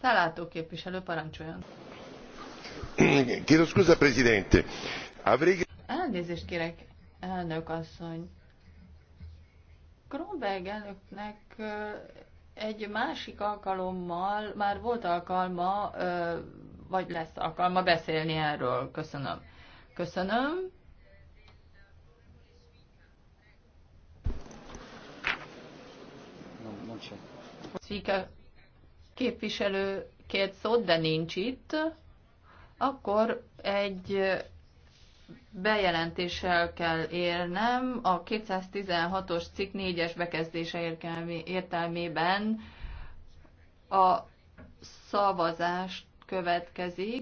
Felátó képviselő parancsoljon. Chiedo scusa, Presidente. Avrei... Elnézést kérek, elnök asszony. Kronberg elnöknek egy másik alkalommal már volt alkalma, vagy lesz alkalma beszélni erről. Köszönöm. Köszönöm. Speaker, képviselő két szót, de nincs itt, akkor egy bejelentéssel kell élnem a 216-os cikk 4-es bekezdése értelmében a szavazást következik.